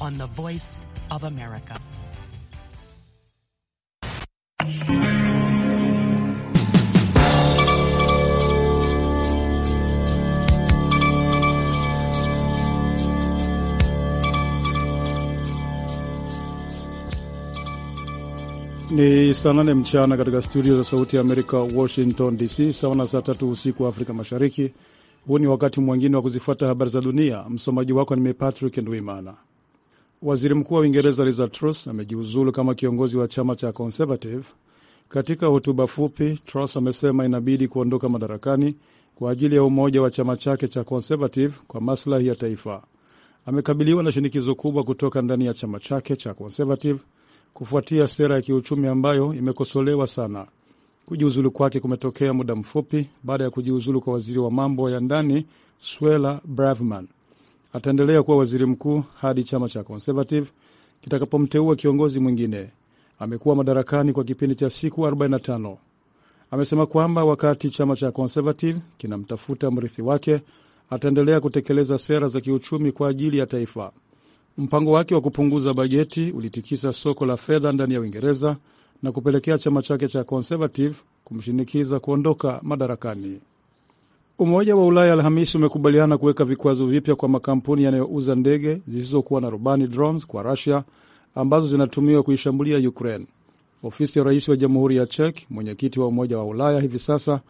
on the Voice of America. Ni saa nane mchana katika studio za Sauti ya Amerika, Washington DC, sawa na saa tatu usiku wa Afrika Mashariki. Huu ni wakati mwingine wa kuzifuata habari za dunia. Msomaji wako ni mimi Patrick Ndwimana. Waziri Mkuu wa Uingereza Liz Truss amejiuzulu kama kiongozi wa chama cha Conservative. Katika hotuba fupi, Truss amesema inabidi kuondoka madarakani kwa ajili ya umoja wa chama chake cha Conservative kwa maslahi ya taifa. Amekabiliwa na shinikizo kubwa kutoka ndani ya chama chake cha Conservative kufuatia sera ya kiuchumi ambayo imekosolewa sana. Kujiuzulu kwake kumetokea muda mfupi baada ya kujiuzulu kwa waziri wa mambo ya ndani Suella Braverman. Ataendelea kuwa waziri mkuu hadi chama cha Conservative kitakapomteua kiongozi mwingine. Amekuwa madarakani kwa kipindi cha siku 45. Amesema kwamba wakati chama cha Conservative kinamtafuta mrithi wake, ataendelea kutekeleza sera za kiuchumi kwa ajili ya taifa. Mpango wake wa kupunguza bajeti ulitikisa soko la fedha ndani ya Uingereza na kupelekea chama chake cha Conservative kumshinikiza kuondoka madarakani. Umoja wa Ulaya Alhamisi umekubaliana kuweka vikwazo vipya kwa makampuni yanayouza ndege zisizokuwa na rubani drones kwa Rusia ambazo zinatumiwa kuishambulia Ukraine. Ofisi ya rais wa jamhuri ya Czech, mwenyekiti wa Umoja wa Ulaya hivi sasa,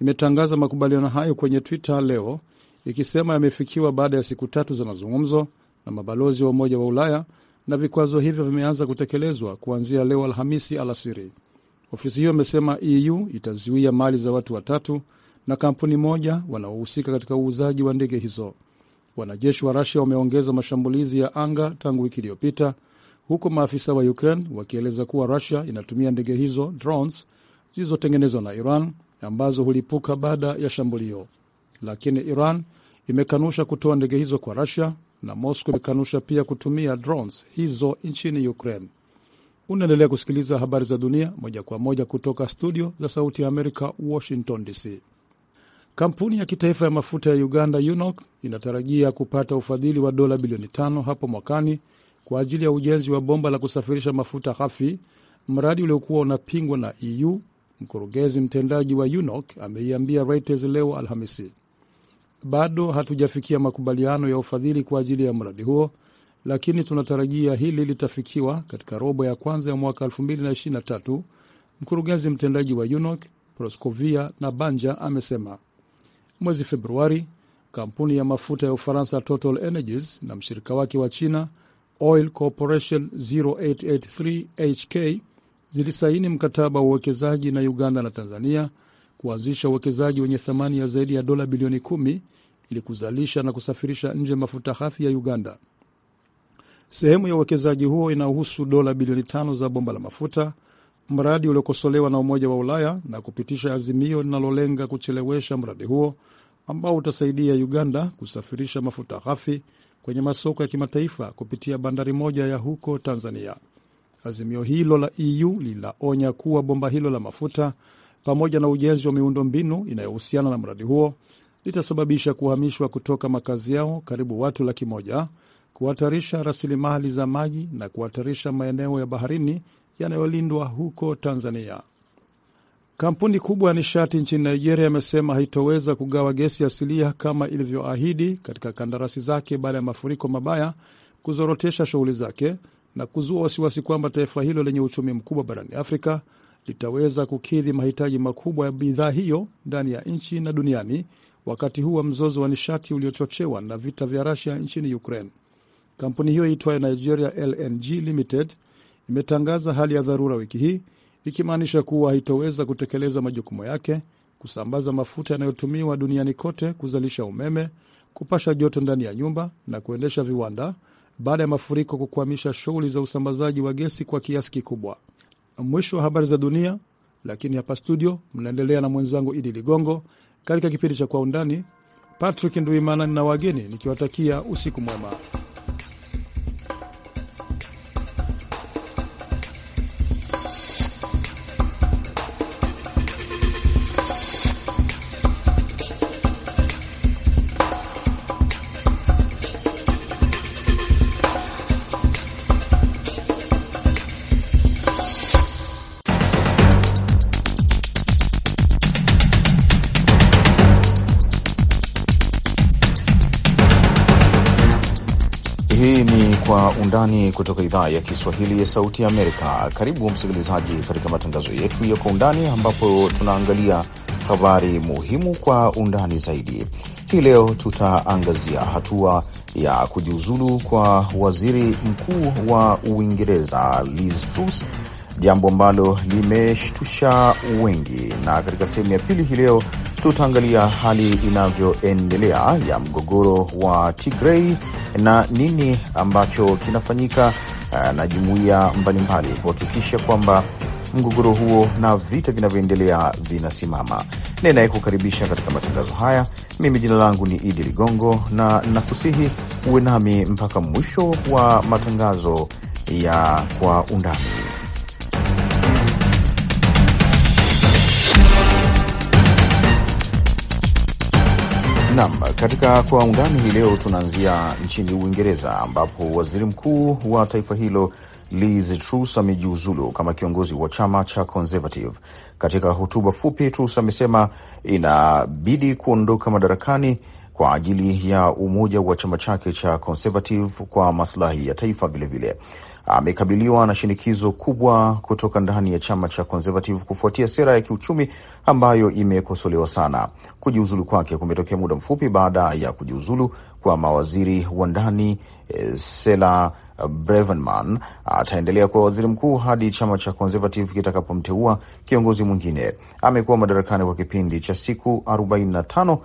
imetangaza makubaliano hayo kwenye Twitter leo ikisema yamefikiwa baada ya siku tatu za mazungumzo na mabalozi wa Umoja wa Ulaya, na vikwazo hivyo vimeanza kutekelezwa kuanzia leo Alhamisi alasiri. Ofisi hiyo imesema EU itazuia mali za watu watatu na kampuni moja wanaohusika katika uuzaji wa ndege hizo. Wanajeshi wa Rusia wameongeza mashambulizi ya anga tangu wiki iliyopita, huku maafisa wa Ukraine wakieleza kuwa Rusia inatumia ndege hizo drones zilizotengenezwa na Iran ambazo hulipuka baada ya shambulio, lakini Iran imekanusha kutoa ndege hizo kwa Rusia na Moscow imekanusha pia kutumia drones hizo nchini Ukraine. Unaendelea kusikiliza habari za dunia moja kwa moja kutoka studio za Sauti ya Amerika, Washington DC. Kampuni ya kitaifa ya mafuta ya Uganda UNOC inatarajia kupata ufadhili wa dola bilioni tano hapo mwakani kwa ajili ya ujenzi wa bomba la kusafirisha mafuta ghafi, mradi uliokuwa unapingwa na EU. Mkurugenzi mtendaji wa UNOC ameiambia Reuters leo Alhamisi, bado hatujafikia makubaliano ya ufadhili kwa ajili ya mradi huo, lakini tunatarajia hili litafikiwa katika robo ya kwanza ya mwaka 2023. Mkurugenzi mtendaji wa UNOC Proscovia na Banja amesema Mwezi Februari, kampuni ya mafuta ya Ufaransa Total Energies na mshirika wake wa China Oil Corporation 0883 HK zilisaini mkataba wa uwekezaji na Uganda na Tanzania kuanzisha uwekezaji wenye thamani ya zaidi ya dola bilioni kumi ili kuzalisha na kusafirisha nje mafuta hafi ya Uganda. Sehemu ya uwekezaji huo inahusu dola bilioni tano za bomba la mafuta mradi uliokosolewa na Umoja wa Ulaya na kupitisha azimio linalolenga kuchelewesha mradi huo ambao utasaidia Uganda kusafirisha mafuta ghafi kwenye masoko ya kimataifa kupitia bandari moja ya huko Tanzania. Azimio hilo la EU linaonya kuwa bomba hilo la mafuta pamoja na ujenzi wa miundo mbinu inayohusiana na mradi huo litasababisha kuhamishwa kutoka makazi yao karibu watu laki moja, kuhatarisha rasilimali za maji na kuhatarisha maeneo ya baharini yanayolindwa huko Tanzania. Kampuni kubwa ya nishati nchini Nigeria imesema haitoweza kugawa gesi asilia kama ilivyoahidi katika kandarasi zake baada ya mafuriko mabaya kuzorotesha shughuli zake na kuzua wasiwasi kwamba taifa hilo lenye uchumi mkubwa barani Afrika litaweza kukidhi mahitaji makubwa ya bidhaa hiyo ndani ya nchi na duniani wakati huu wa mzozo wa nishati uliochochewa na vita vya Rusia nchini Ukraine. Kampuni hiyo iitwayo Nigeria LNG Limited imetangaza hali ya dharura wiki hii ikimaanisha kuwa haitoweza kutekeleza majukumu yake, kusambaza mafuta yanayotumiwa duniani kote, kuzalisha umeme, kupasha joto ndani ya nyumba na kuendesha viwanda, baada ya mafuriko kukwamisha shughuli za usambazaji wa gesi kwa kiasi kikubwa. Mwisho wa habari za dunia, lakini hapa studio mnaendelea na mwenzangu Idi Ligongo katika kipindi cha Kwa Undani. Patrick Nduimana na wageni nikiwatakia usiku mwema. Undani kutoka idhaa ya Kiswahili ya Sauti Amerika. Karibu msikilizaji, katika matangazo yetu ya Kwa Undani, ambapo tunaangalia habari muhimu kwa undani zaidi. Hii leo tutaangazia hatua ya kujiuzulu kwa waziri mkuu wa Uingereza Liz Truss, jambo ambalo limeshtusha wengi, na katika sehemu ya pili hii leo tutaangalia hali inavyoendelea ya mgogoro wa Tigrei na nini ambacho kinafanyika uh, na jumuiya mbalimbali kuhakikisha kwamba mgogoro huo na vita vinavyoendelea vinasimama. Ninayekukaribisha katika matangazo haya mimi, jina langu ni Idi Ligongo, na nakusihi uwe nami mpaka mwisho wa matangazo ya Kwa Undani. Katika kwa undani hii leo tunaanzia nchini Uingereza ambapo waziri mkuu wa taifa hilo Liz Truss amejiuzulu kama kiongozi wa chama cha Conservative. Katika hotuba fupi, Truss amesema inabidi kuondoka madarakani kwa ajili ya umoja wa chama chake cha Conservative kwa maslahi ya taifa vilevile vile amekabiliwa na shinikizo kubwa kutoka ndani ya chama cha Conservative kufuatia sera ya kiuchumi ambayo imekosolewa sana. Kujiuzulu kwake kumetokea muda mfupi baada ya kujiuzulu kwa mawaziri wa ndani eh, Sela Brevenman ataendelea kuwa waziri mkuu hadi chama cha Conservative kitakapomteua kiongozi mwingine. Amekuwa madarakani kwa kipindi cha siku 45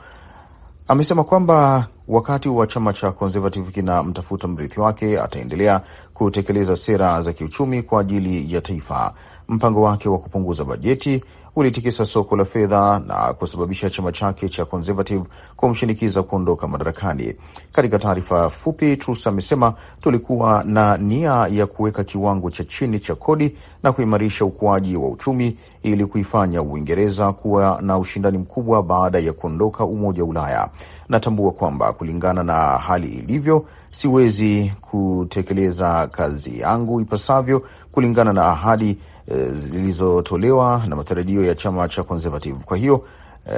amesema kwamba wakati wa chama cha Conservative kinamtafuta mrithi wake, ataendelea kutekeleza sera za kiuchumi kwa ajili ya taifa. Mpango wake wa kupunguza bajeti ulitikisa soko la fedha na kusababisha chama chake cha Conservative kumshinikiza kuondoka madarakani. Katika taarifa fupi, Truss amesema tulikuwa na nia ya kuweka kiwango cha chini cha kodi na kuimarisha ukuaji wa uchumi ili kuifanya Uingereza kuwa na ushindani mkubwa baada ya kuondoka Umoja wa Ulaya. Natambua kwamba kulingana na hali ilivyo, siwezi kutekeleza kazi yangu ipasavyo kulingana na ahadi e, zilizotolewa na matarajio ya chama cha Conservative. Kwa hiyo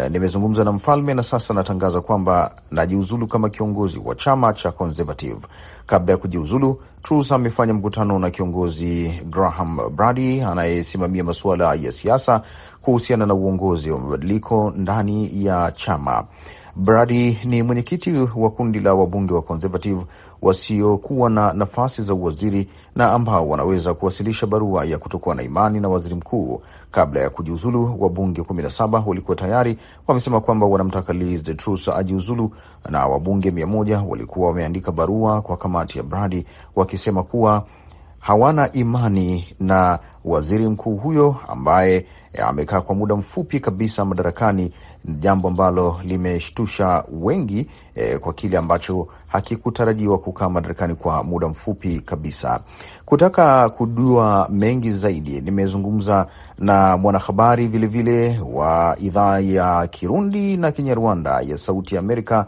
e, nimezungumza na mfalme na sasa natangaza kwamba najiuzulu kama kiongozi wa chama cha Conservative. Kabla ya kujiuzulu, Truss amefanya mkutano na kiongozi Graham Brady anayesimamia masuala ya siasa kuhusiana na uongozi wa mabadiliko ndani ya chama. Brady ni mwenyekiti wa kundi la wabunge wa Conservative wasiokuwa na nafasi za uwaziri na ambao wanaweza kuwasilisha barua ya kutokuwa na imani na waziri mkuu kabla ya kujiuzulu. Wabunge 17 walikuwa tayari wamesema kwamba wanamtaka Liz Truss ajiuzulu, na wabunge 100 walikuwa wameandika barua kwa kamati ya Bradi wakisema kuwa hawana imani na waziri mkuu huyo ambaye amekaa kwa muda mfupi kabisa madarakani, jambo ambalo limeshtusha wengi eh, kwa kile ambacho hakikutarajiwa kukaa madarakani kwa muda mfupi kabisa. Kutaka kujua mengi zaidi, nimezungumza na mwanahabari vilevile wa idhaa ya Kirundi na Kinyarwanda ya Sauti ya Amerika,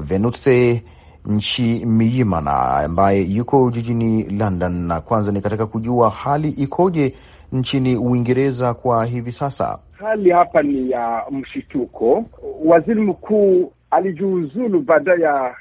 Venutse nchi Miyimana ambaye yuko jijini London, na kwanza nikataka kujua hali ikoje nchini Uingereza kwa hivi sasa? Hali hapa ni ya mshituko. Waziri mkuu alijiuzulu baada ya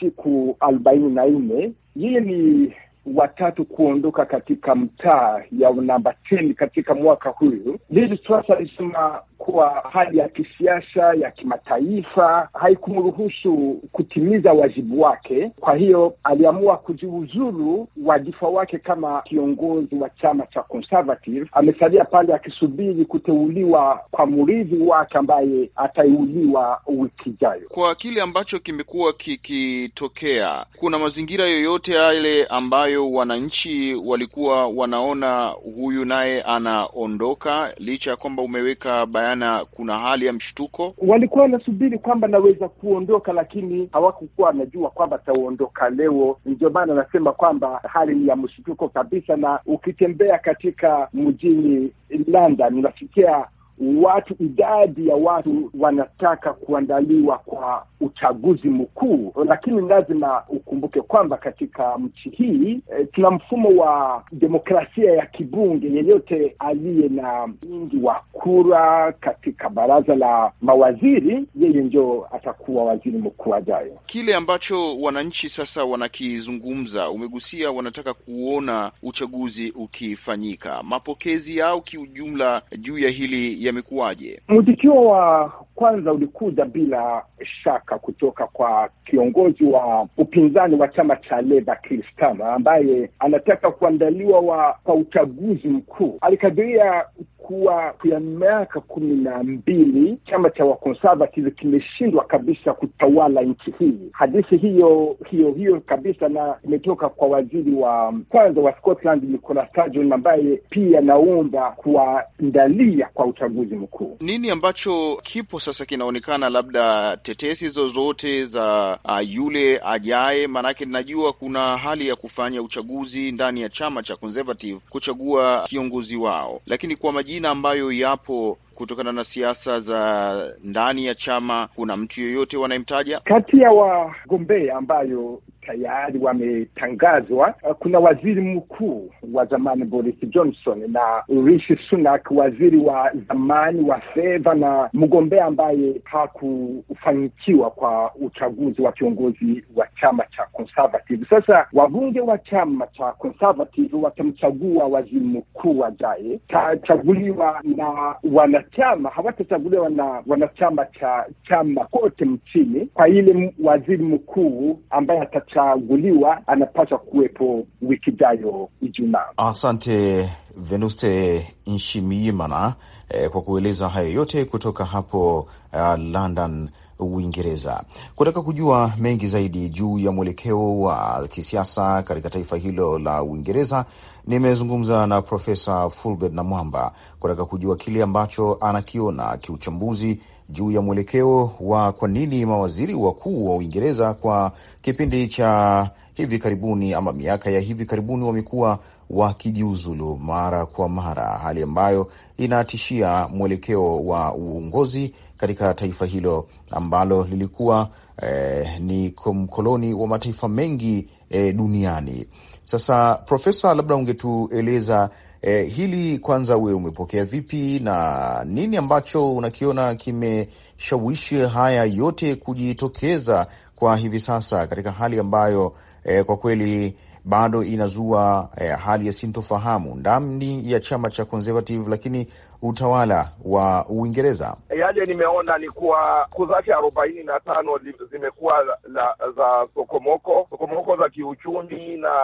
siku arobaini na nne. Yeye ni watatu kuondoka katika mtaa ya namba 10 katika mwaka huyu. Liz Truss alisema kwa hali ya kisiasa ya kimataifa haikumruhusu kutimiza wajibu wake. Kwa hiyo aliamua kujiuzulu wadhifa wake kama kiongozi wa chama cha Conservative. Amesalia pale akisubiri kuteuliwa kwa mrithi wake ambaye ataiuliwa wiki ijayo. Kwa kile ambacho kimekuwa kikitokea, kuna mazingira yoyote yale ambayo wananchi walikuwa wanaona huyu naye anaondoka licha ya kwamba umeweka baya bayana kuna hali ya mshtuko. Walikuwa wanasubiri kwamba naweza kuondoka, lakini hawakukuwa wanajua kwamba ataondoka leo. Ndio maana anasema kwamba hali ni ya mshtuko kabisa, na ukitembea katika mjini London unasikia watu, idadi ya watu wanataka kuandaliwa kwa uchaguzi mkuu, lakini lazima ukumbuke kwamba katika nchi hii e, tuna mfumo wa demokrasia ya kibunge. Yeyote aliye na wingi wa kura katika baraza la mawaziri, yeye ndio atakuwa waziri mkuu ajayo. Kile ambacho wananchi sasa wanakizungumza, umegusia, wanataka kuona uchaguzi ukifanyika. Mapokezi yao kiujumla juu ya hili yamekuwaje? Mwitikio wa kwanza ulikuja bila shaka kutoka kwa kiongozi wa upinzani wa chama cha Leba Keir Starmer ambaye anataka kuandaliwa kwa uchaguzi mkuu. Alikadiria kuwa ya miaka kumi na mbili chama cha wakonservative kimeshindwa kabisa kutawala nchi hii. Hadithi hiyo hiyo hiyo kabisa, na imetoka kwa waziri wa kwanza wa Scotland Nicola Sturgeon, ambaye pia naomba kuwaandalia kwa uchaguzi mkuu. Nini ambacho kipo sasa kinaonekana, labda tetesi zozote za uh, yule ajaye? Maanake najua kuna hali ya kufanya uchaguzi ndani ya chama cha Conservative kuchagua kiongozi wao, lakini kwa maji majina ambayo yapo kutokana na siasa za ndani ya chama? Kuna mtu yoyote wanayemtaja kati ya wagombea ambayo tayari wametangazwa? Kuna waziri mkuu wa zamani Boris Johnson na Rishi Sunak, waziri wa zamani wa fedha na mgombea ambaye hakufanikiwa kwa uchaguzi wa kiongozi wa chama cha Conservative. Sasa wabunge wa chama cha Conservative watamchagua waziri mkuu ajaye, tachaguliwa na wana wanachama hawatachaguliwa na wanachama cha chama kote nchini. Kwa ile waziri mkuu ambaye atachaguliwa anapaswa kuwepo wiki ijayo Ijumaa. Asante Venuste Nshimiimana eh, kwa kueleza hayo yote kutoka hapo uh, London Uingereza. Kutaka kujua mengi zaidi juu ya mwelekeo wa kisiasa katika taifa hilo la Uingereza, Nimezungumza na Profesa Fulbert Namwamba kutaka kujua kile ambacho anakiona kiuchambuzi juu ya mwelekeo wa kwa nini mawaziri wakuu wa Uingereza kwa kipindi cha hivi karibuni ama miaka ya hivi karibuni wamekuwa wakijiuzulu mara kwa mara, hali ambayo inatishia mwelekeo wa uongozi katika taifa hilo ambalo lilikuwa eh, ni mkoloni wa mataifa mengi eh, duniani. Sasa Profesa, labda ungetueleza eh, hili kwanza, wewe umepokea vipi na nini ambacho unakiona kimeshawishi haya yote kujitokeza kwa hivi sasa katika hali ambayo eh, kwa kweli bado inazua eh, hali ya sintofahamu ndani ya chama cha Conservative, lakini utawala wa Uingereza. Yale yaani nimeona ni kuwa kuu zake arobaini na tano zimekuwa za sokomoko, sokomoko za kiuchumi na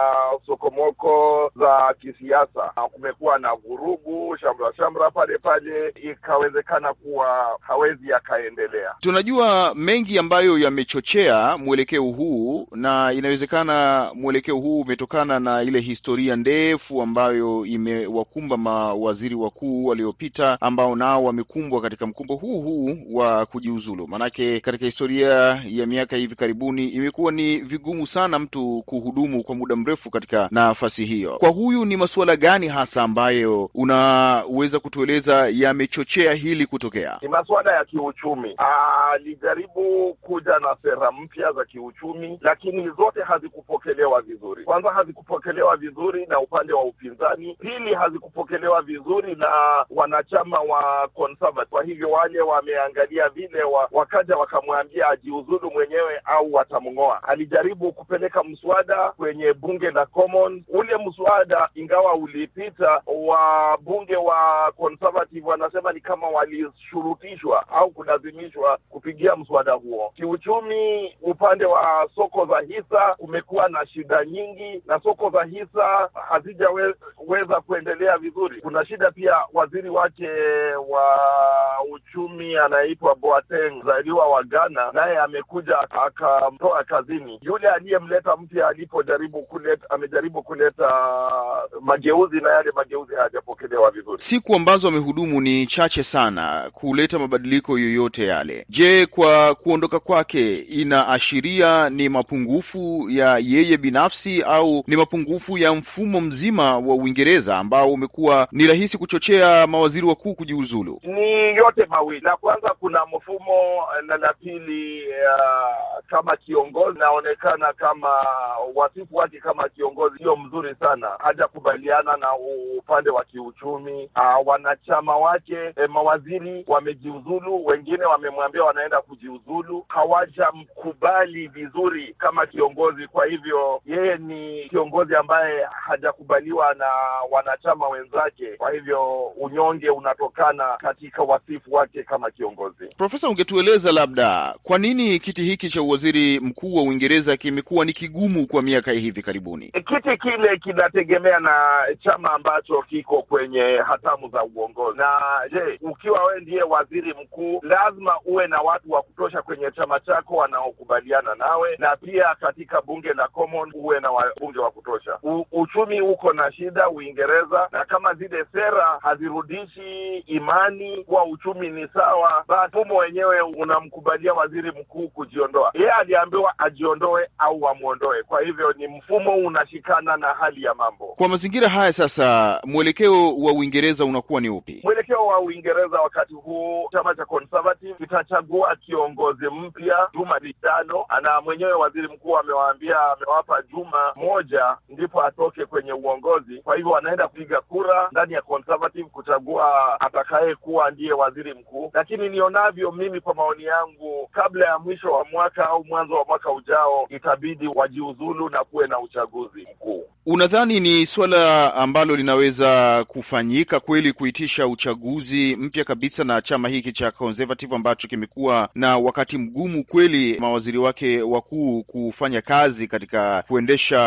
sokomoko za kisiasa. Kumekuwa na vurugu, shamra shamra pale pale, ikawezekana kuwa hawezi yakaendelea Tunajua mengi ambayo yamechochea mwelekeo huu, na inawezekana mwelekeo huu umetokana na ile historia ndefu ambayo imewakumba mawaziri wakuu walio uliopita ambao nao wamekumbwa katika mkumbo huu huu wa kujiuzulu. Maanake katika historia ya miaka hivi karibuni imekuwa ni vigumu sana mtu kuhudumu kwa muda mrefu katika nafasi hiyo. Kwa huyu ni masuala gani hasa ambayo unaweza kutueleza yamechochea hili kutokea? Ni masuala ya kiuchumi. Ah, alijaribu kuja na sera mpya za kiuchumi, lakini zote hazikupokelewa vizuri. Kwanza, hazikupokelewa vizuri na upande wa upinzani. Pili, hazikupokelewa vizuri na wana wanachama wa Conservative. Kwa hivyo wale wameangalia vile wa, wakaja wakamwambia ajiuzulu mwenyewe au watamng'oa. Alijaribu kupeleka mswada kwenye bunge la Commons. Ule mswada ingawa ulipita, wabunge wa Conservative wanasema ni kama walishurutishwa au kulazimishwa kupigia mswada huo. Kiuchumi, upande wa soko za hisa kumekuwa na shida nyingi, na soko za hisa hazijaweza we, kuendelea vizuri. Kuna shida pia waziri wa wake wa uchumi anaitwa Boateng, mzaliwa wa Ghana, naye amekuja akamtoa kazini yule aliyemleta mpya. Alipojaribu kuleta, amejaribu kuleta mageuzi na yale mageuzi hayajapokelewa vizuri. Siku ambazo amehudumu ni chache sana kuleta mabadiliko yoyote yale. Je, kwa kuondoka kwake inaashiria ni mapungufu ya yeye binafsi au ni mapungufu ya mfumo mzima wa Uingereza ambao umekuwa ni rahisi kuchochea mawazi waziri wakuu kujiuzulu? Ni yote mawili, la kwanza kuna mfumo, na la pili uh, kama kiongozi naonekana kama wasifu wake kama kiongozi sio mzuri sana, hajakubaliana na upande wa kiuchumi. Uh, wanachama wake eh, mawaziri wamejiuzulu, wengine wamemwambia wanaenda kujiuzulu, hawajamkubali vizuri kama kiongozi. Kwa hivyo yeye ni kiongozi ambaye hajakubaliwa na wanachama wenzake, kwa hivyo unyonge ndio unatokana katika wasifu wake kama kiongozi. Profesa, ungetueleza labda kwa nini kiti hiki cha uwaziri mkuu wa Uingereza kimekuwa ni kigumu kwa miaka hivi karibuni? E, kiti kile kinategemea na chama ambacho kiko kwenye hatamu za uongozi. Na je, ukiwa wewe ndiye waziri mkuu, lazima uwe na watu wa kutosha kwenye chama chako wanaokubaliana nawe, na pia katika bunge la Common uwe na wabunge wa kutosha. U, uchumi uko na shida Uingereza, na kama zile sera hazirudishi nchi, imani kuwa uchumi ni sawa, basi mfumo wenyewe unamkubalia waziri mkuu kujiondoa. Yeye aliambiwa ajiondoe au wamwondoe. Kwa hivyo ni mfumo unashikana na hali ya mambo. Kwa mazingira haya sasa, mwelekeo wa Uingereza unakuwa ni upi? Mwelekeo wa Uingereza wakati huu, chama cha Conservative kitachagua kiongozi mpya juma lijalo, na mwenyewe waziri mkuu amewaambia, amewapa juma moja ndipo atoke kwenye uongozi. Kwa hivyo wanaenda kupiga kura ndani ya Conservative kuchagua kuwa atakayekuwa ndiye waziri mkuu, lakini nionavyo mimi, kwa maoni yangu, kabla ya mwisho wa mwaka au mwanzo wa mwaka ujao itabidi wajiuzulu na kuwe na uchaguzi mkuu. Unadhani ni suala ambalo linaweza kufanyika kweli, kuitisha uchaguzi mpya kabisa na chama hiki cha Conservative ambacho kimekuwa na wakati mgumu kweli, mawaziri wake wakuu kufanya kazi katika kuendesha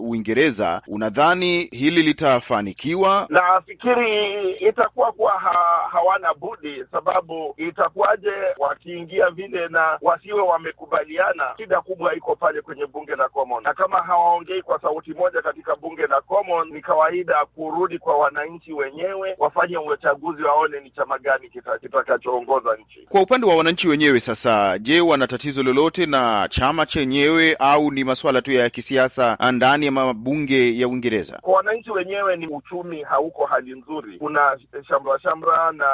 Uingereza? Unadhani hili litafanikiwa? Nafikiri ita itakuwa kuwa ha, hawana budi, sababu itakuwaje wakiingia vile na wasiwe wamekubaliana? Shida kubwa iko pale kwenye bunge la Common, na kama hawaongei kwa sauti moja katika bunge la Common, ni kawaida kurudi kwa wananchi wenyewe, wafanye uchaguzi, waone ni chama gani kitakachoongoza kita nchi. Kwa upande wa wananchi wenyewe sasa, je, wana tatizo lolote na chama chenyewe au ni masuala tu ya kisiasa ndani ya mabunge ya Uingereza? Kwa wananchi wenyewe, ni uchumi hauko hali nzuri, kuna Eh, shamra shamra na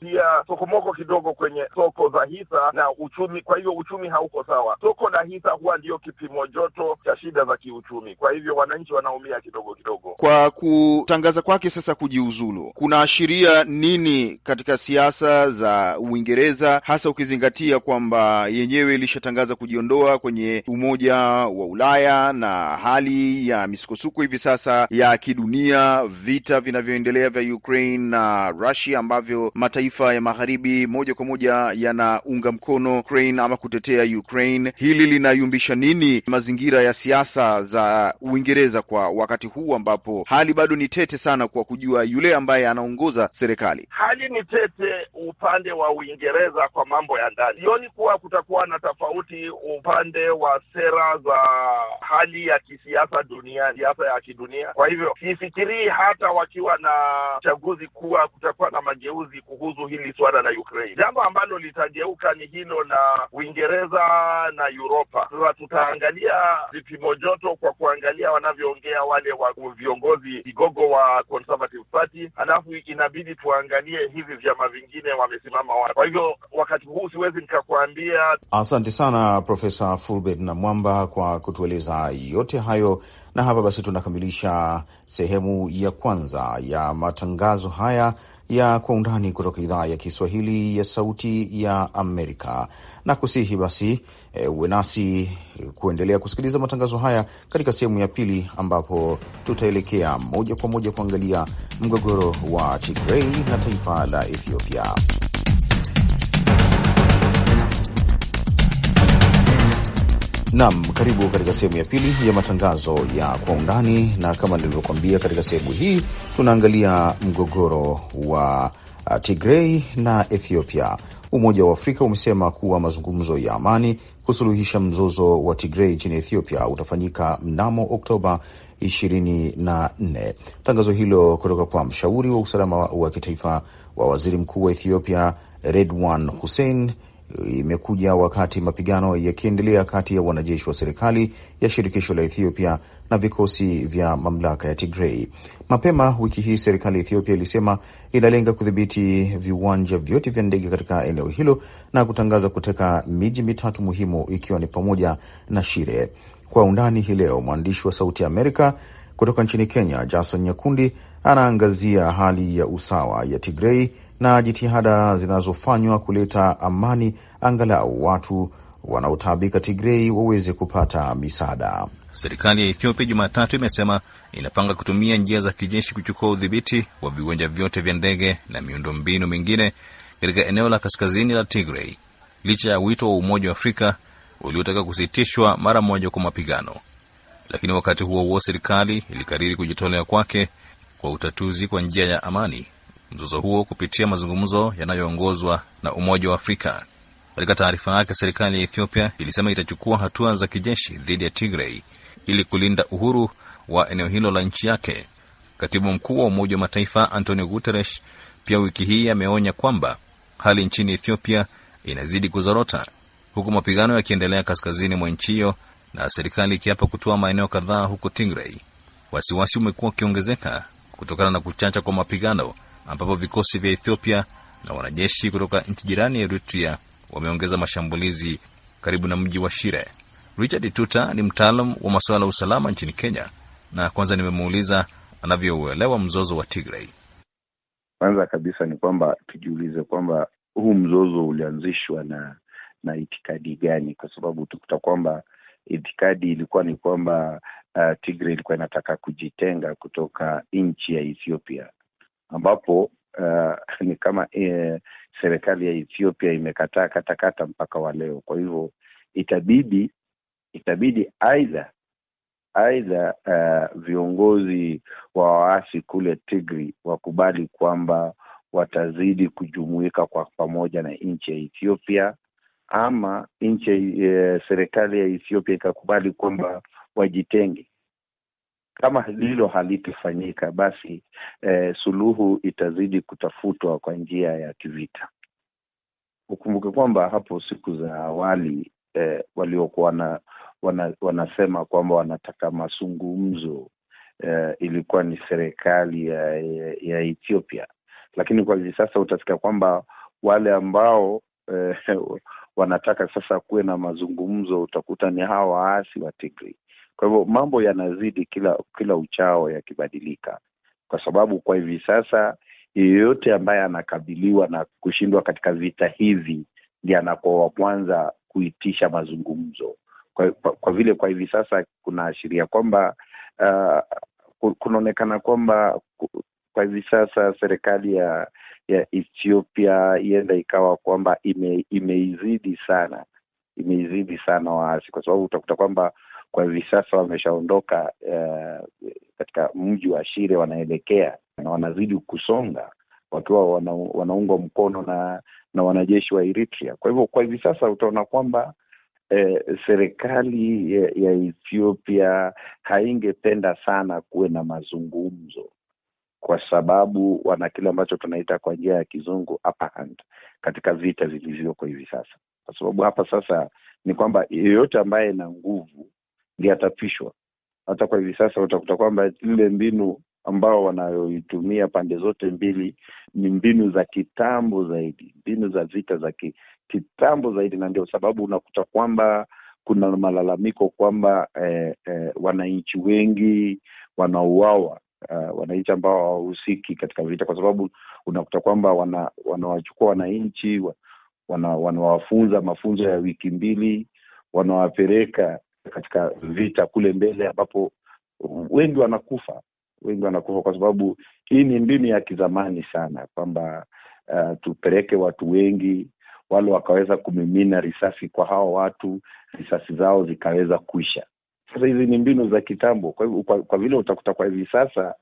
pia sokomoko kidogo kwenye soko za hisa na uchumi. Kwa hivyo uchumi hauko sawa. Soko la hisa huwa ndio kipimo joto cha shida za kiuchumi, kwa hivyo wananchi wanaumia kidogo kidogo. Kwa kutangaza kwake sasa kujiuzulu kunaashiria nini katika siasa za Uingereza, hasa ukizingatia kwamba yenyewe ilishatangaza kujiondoa kwenye Umoja wa Ulaya na hali ya misukosuko hivi sasa ya kidunia, vita vinavyoendelea vya Ukraine na rasia Russia ambavyo mataifa ya magharibi moja kwa moja yanaunga mkono Ukraine ama kutetea Ukraine. Hili linayumbisha nini mazingira ya siasa za Uingereza kwa wakati huu ambapo hali bado ni tete sana kwa kujua yule ambaye anaongoza serikali? Hali ni tete upande wa Uingereza kwa mambo ya ndani. Sioni kuwa kutakuwa na tofauti upande wa sera za hali ya kisiasa dunia, siasa ya kidunia. Kwa hivyo sifikirii hata wakiwa na chaguzi kuu kuwa kutakuwa na mageuzi kuhusu hili suala la Ukraine. Jambo ambalo litageuka ni hilo la Uingereza na Uropa. Sasa tutaangalia vipimo joto kwa kuangalia wanavyoongea wale wa viongozi vigogo wa Conservative Party, alafu inabidi tuangalie hivi vyama vingine wamesimama wapi. Kwa hivyo wakati huu siwezi nikakuambia. Asante sana Profesa Fulbert na Mwamba kwa kutueleza yote hayo na hapa basi tunakamilisha sehemu ya kwanza ya matangazo haya ya kwa undani kutoka idhaa ya Kiswahili ya Sauti ya Amerika, na kusihi basi e, uwe nasi kuendelea kusikiliza matangazo haya katika sehemu ya pili, ambapo tutaelekea moja kwa moja kuangalia mgogoro wa Tigrei na taifa la Ethiopia. Nam, karibu katika sehemu ya pili ya matangazo ya kwa undani, na kama nilivyokuambia katika sehemu hii tunaangalia mgogoro wa uh, Tigrei na Ethiopia. Umoja wa Afrika umesema kuwa mazungumzo ya amani kusuluhisha mzozo wa Tigrei nchini Ethiopia utafanyika mnamo Oktoba 24. Tangazo hilo kutoka kwa mshauri wa usalama wa kitaifa wa waziri mkuu wa Ethiopia Redwan Hussein imekuja wakati mapigano yakiendelea kati ya wanajeshi wa serikali ya shirikisho la Ethiopia na vikosi vya mamlaka ya Tigrei. Mapema wiki hii, serikali ya Ethiopia ilisema inalenga kudhibiti viwanja vyote vya ndege katika eneo hilo na kutangaza kuteka miji mitatu muhimu ikiwa ni pamoja na Shire. Kwa undani hii leo, mwandishi wa Sauti ya Amerika kutoka nchini Kenya, Jason Nyakundi anaangazia hali ya usawa ya Tigrei na jitihada zinazofanywa kuleta amani, angalau watu wanaotaabika Tigrei waweze kupata misaada. Serikali ya Ethiopia Jumatatu imesema inapanga kutumia njia za kijeshi kuchukua udhibiti wa viwanja vyote vya ndege na miundombinu mingine katika eneo la kaskazini la Tigrei licha ya wito wa Umoja wa Afrika uliotaka kusitishwa mara moja kwa mapigano. Lakini wakati huo huo, serikali ilikariri kujitolea kwake kwa utatuzi kwa njia ya amani mzozo huo kupitia mazungumzo yanayoongozwa na Umoja wa Afrika. Katika taarifa yake, serikali ya Ethiopia ilisema itachukua hatua za kijeshi dhidi ya tigrey ili kulinda uhuru wa eneo hilo la nchi yake. Katibu mkuu wa Umoja wa Mataifa Antonio Guterres pia wiki hii ameonya kwamba hali nchini Ethiopia inazidi kuzorota huku mapigano yakiendelea kaskazini mwa nchi hiyo na serikali ikiapa kutoa maeneo kadhaa huko Tigray. Wasiwasi umekuwa ukiongezeka kutokana na kuchacha kwa mapigano ambapo vikosi vya Ethiopia na wanajeshi kutoka nchi jirani ya Eritrea wameongeza mashambulizi karibu na mji wa Shire. Richard Tuta ni mtaalam wa masuala ya usalama nchini Kenya, na kwanza nimemuuliza anavyouelewa mzozo wa Tigray. Kwanza kabisa ni kwamba tujiulize kwamba huu mzozo ulianzishwa na na itikadi gani? Kwa sababu utakuta kwamba itikadi ilikuwa ni kwamba uh, Tigray ilikuwa inataka kujitenga kutoka nchi ya Ethiopia ambapo uh, ni kama uh, serikali ya Ethiopia imekataa katakata mpaka wa leo. Kwa hivyo itabidi itabidi aidha aidha uh, viongozi wa waasi kule Tigri wakubali kwamba watazidi kujumuika kwa pamoja na nchi ya Ethiopia ama nchi uh, serikali ya Ethiopia ikakubali kwamba wajitenge kama hilo halitofanyika, basi eh, suluhu itazidi kutafutwa kwa njia ya kivita. Ukumbuke kwamba hapo siku za awali eh, waliokuwa wana, wana, wanasema kwamba wanataka mazungumzo eh, ilikuwa ni serikali ya, ya, ya Ethiopia, lakini kwa hivi sasa utasikia kwamba wale ambao eh, wanataka sasa kuwe na mazungumzo utakuta ni hawa waasi wa Tigray. Kwa hivyo mambo yanazidi kila kila uchao yakibadilika, kwa sababu kwa hivi sasa yeyote ambaye anakabiliwa na kushindwa katika vita hivi ndi anakuwa wa kwanza kuitisha mazungumzo. Kwa, kwa, kwa vile kwa hivi sasa kunaashiria kwamba uh, kunaonekana kwamba kwa hivi sasa serikali ya ya Ethiopia ienda ikawa kwamba ime, imeizidi sana imeizidi sana waasi, kwa sababu utakuta kwamba kwa hivi sasa wameshaondoka uh, katika mji wa Shire wanaelekea na wanazidi kusonga wakiwa wana, wanaungwa mkono na na wanajeshi wa Eritrea. Kwa hivyo kwa hivi sasa utaona kwamba eh, serikali ya, eh, ya Ethiopia haingependa sana kuwe na mazungumzo kwa sababu wana kile ambacho tunaita kwa njia ya kizungu upper hand katika vita vilivyoko hivi sasa, kwa sababu hapa sasa ni kwamba yeyote ambaye ana nguvu yatapishwa Hata kwa hivi sasa utakuta kwamba ile mbinu ambao wanayoitumia pande zote mbili ni mbinu za kitambo zaidi, mbinu za vita za ki, kitambo zaidi, na ndio sababu unakuta kwamba kuna malalamiko kwamba eh, eh, wananchi wengi wanauawa uh, wananchi ambao hawahusiki katika vita, kwa sababu unakuta kwamba wana, wanawachukua wananchi wanawafunza wana mafunzo ya wiki mbili, wanawapeleka katika vita kule mbele, ambapo wengi wanakufa, wengi wanakufa kwa sababu hii ni mbinu ya kizamani sana, kwamba uh, tupeleke watu wengi wale wakaweza kumimina risasi kwa hawa watu, risasi zao zikaweza kuisha. Sasa hizi ni mbinu za kitambo. Kwa kwa, kwa vile utakuta kwa hivi sasa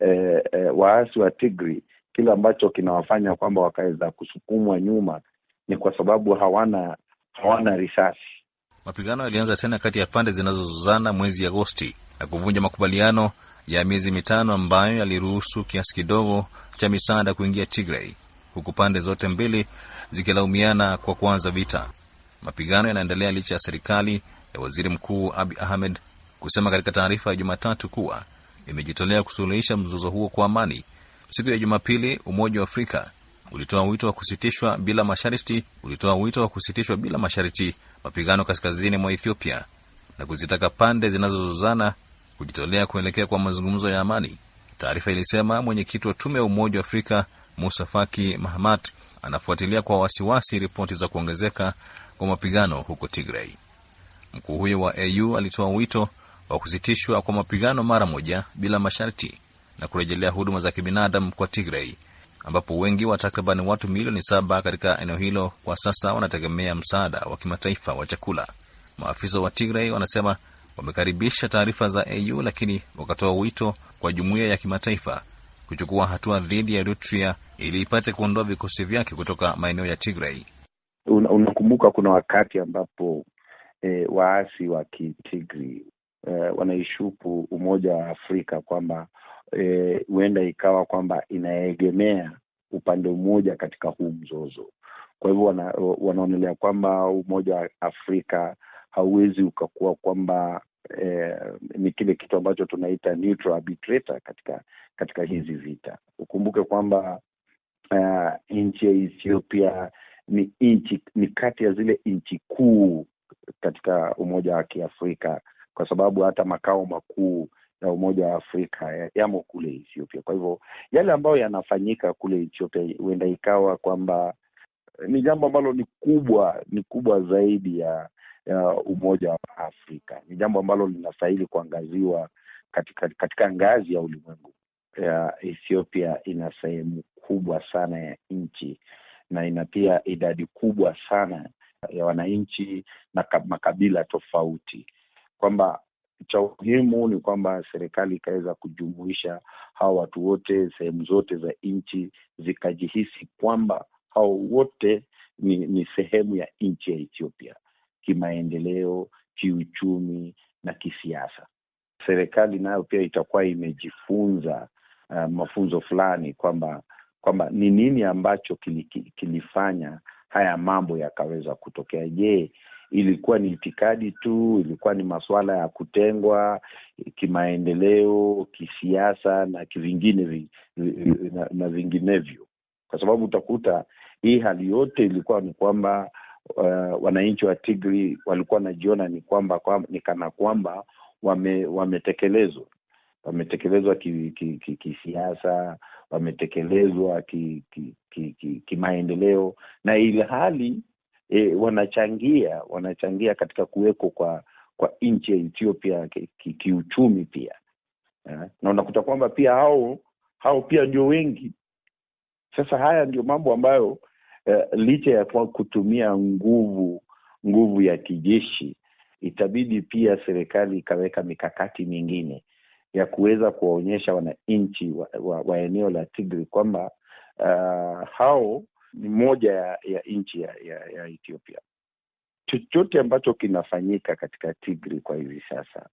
eh, eh, waasi wa Tigri kile ambacho kinawafanya kwamba wakaweza kusukumwa nyuma ni kwa sababu hawana hawana risasi Mapigano yalianza tena kati ya pande zinazozozana mwezi Agosti na kuvunja makubaliano ya miezi mitano ambayo yaliruhusu kiasi kidogo cha misaada kuingia Tigray, huku pande zote mbili zikilaumiana kwa kuanza vita. Mapigano yanaendelea licha ya serikali ya waziri mkuu Abi Ahmed kusema katika taarifa ya Jumatatu kuwa imejitolea kusuluhisha mzozo huo kwa amani. Siku ya Jumapili, Umoja wa Afrika ulitoa wito wa kusitishwa bila masharti ulitoa wito wa kusitishwa bila masharti mapigano kaskazini mwa Ethiopia na kuzitaka pande zinazozozana kujitolea kuelekea kwa mazungumzo ya amani. Taarifa ilisema mwenyekiti wa tume ya Umoja wa Afrika Musa Faki Mahamat anafuatilia kwa wasiwasi ripoti za kuongezeka kwa mapigano huko tigrey Mkuu huyo wa AU alitoa wito wa kusitishwa kwa mapigano mara moja bila masharti na kurejelea huduma za kibinadamu kwa Tigray ambapo wengi wa takriban watu milioni saba katika eneo hilo kwa sasa wanategemea msaada wa kimataifa wa chakula. Maafisa wa Tigray wanasema wamekaribisha taarifa za AU lakini wakatoa wito kwa jumuiya ya kimataifa kuchukua hatua dhidi ya Eritrea ili ipate kuondoa vikosi vyake kutoka maeneo ya Tigray. Unakumbuka una kuna wakati ambapo e, waasi wa Kitigri e, eh, wanaishupu Umoja wa Afrika kwamba Eh, huenda e, ikawa kwamba inaegemea upande mmoja katika huu mzozo. Kwa hivyo wana, wanaonelea kwamba Umoja wa Afrika hauwezi ukakuwa kwamba e, ni kile kitu ambacho tunaita neutral arbitrator katika katika hizi vita. Ukumbuke kwamba uh, nchi ya Ethiopia ni nchi ni kati ya zile nchi kuu katika Umoja wa Kiafrika kwa sababu hata makao makuu ya Umoja wa Afrika yamo kule Ethiopia. Kwa hivyo yale ambayo yanafanyika kule Ethiopia huenda ikawa kwamba eh, ni jambo ambalo ni kubwa, ni kubwa zaidi ya, ya Umoja wa Afrika. Ni jambo ambalo linastahili kuangaziwa katika, katika ngazi ya ulimwengu. Ya Ethiopia ina sehemu kubwa sana ya nchi na ina pia idadi kubwa sana ya wananchi na makabila tofauti, kwamba cha umuhimu ni kwamba serikali ikaweza kujumuisha hawa watu wote sehemu zote za nchi zikajihisi kwamba hao wote ni, ni sehemu ya nchi ya Ethiopia kimaendeleo, kiuchumi na kisiasa. Serikali nayo pia itakuwa imejifunza uh, mafunzo fulani kwamba kwamba ni nini ambacho kilifanya haya mambo yakaweza kutokea. Je, ilikuwa ni itikadi tu, ilikuwa ni masuala ya kutengwa kimaendeleo, kisiasa na kivingine vi, na, na vinginevyo, kwa sababu utakuta hii hali yote ilikuwa ni kwamba uh, wananchi wa Tigri walikuwa wanajiona ni kwamba kwa, ni kana kwamba wame, wametekelezwa wametekelezwa kisiasa ki, ki, ki, wametekelezwa kimaendeleo ki, ki, ki, ki na ilhali e, wanachangia wanachangia katika kuweko kwa kwa nchi ya Ethiopia kiuchumi ki, pia eh, na unakuta kwamba pia hao hao pia ndio wengi. Sasa haya ndio mambo ambayo eh, licha ya kwa kutumia nguvu nguvu ya kijeshi itabidi pia serikali ikaweka mikakati mingine ya kuweza kuwaonyesha wananchi wa, wa, wa eneo la Tigray kwamba uh, hao ni moja ya, ya nchi ya, ya, ya Ethiopia. Chochote ambacho kinafanyika katika Tigri kwa hivi sasa,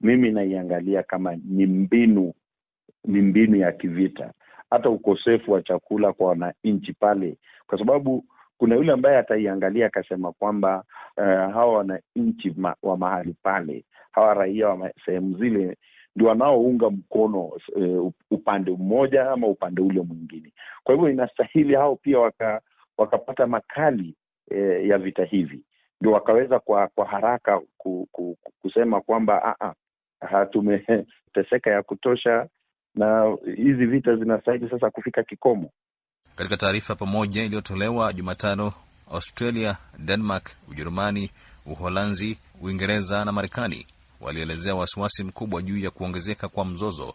mimi naiangalia kama ni mbinu, ni mbinu ya kivita, hata ukosefu wa chakula kwa wananchi pale, kwa sababu kuna yule ambaye ataiangalia akasema kwamba uh, hawa wananchi ma, wa mahali pale hawa raia wa sehemu zile ndio wanaounga mkono e, upande mmoja ama upande ule mwingine. Kwa hivyo inastahili hao pia waka, wakapata makali e, ya vita hivi, ndio wakaweza kwa kwa haraka ku, ku, kusema kwamba ah, ah, ah, tumeteseka ya kutosha na hizi vita zinastahili sasa kufika kikomo. Katika taarifa pamoja iliyotolewa Jumatano, Australia, Denmark, Ujerumani, Uholanzi, Uingereza na Marekani walielezea wasiwasi mkubwa juu ya kuongezeka kwa mzozo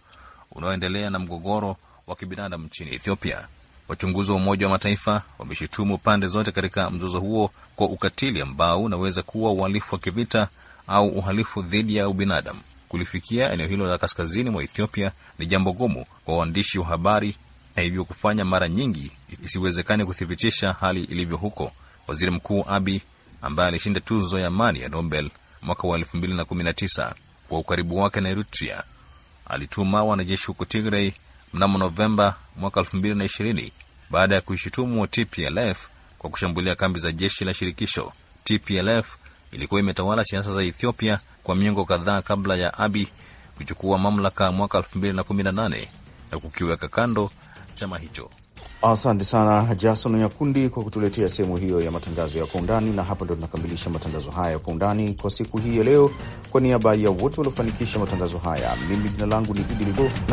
unaoendelea na mgogoro wa kibinadamu nchini Ethiopia. Wachunguzi wa Umoja wa Mataifa wameshutumu pande zote katika mzozo huo kwa ukatili ambao unaweza kuwa uhalifu wa kivita au uhalifu dhidi ya ubinadamu. Kulifikia eneo hilo la kaskazini mwa Ethiopia ni jambo gumu kwa waandishi wa habari na hivyo kufanya mara nyingi isiwezekani kuthibitisha hali ilivyo huko. Waziri Mkuu Abi ambaye alishinda tuzo ya amani ya Nobel mwaka wa 2019 kwa ukaribu wake na Eritrea. Alituma wanajeshi huko Tigray mnamo Novemba mwaka 2020 baada ya kuishutumu TPLF kwa kushambulia kambi za jeshi la shirikisho. TPLF ilikuwa imetawala siasa za Ethiopia kwa miongo kadhaa kabla ya Abiy kuchukua mamlaka mwaka 2018 na kukiweka kando chama hicho. Asante sana Jason Nyakundi kwa kutuletea sehemu hiyo ya matangazo ya kwa undani, na hapa ndo tunakamilisha matangazo haya ya kwa undani kwa siku hii ya leo. Kwa niaba ya wote waliofanikisha matangazo haya, mimi jina langu ni Idi Ligo.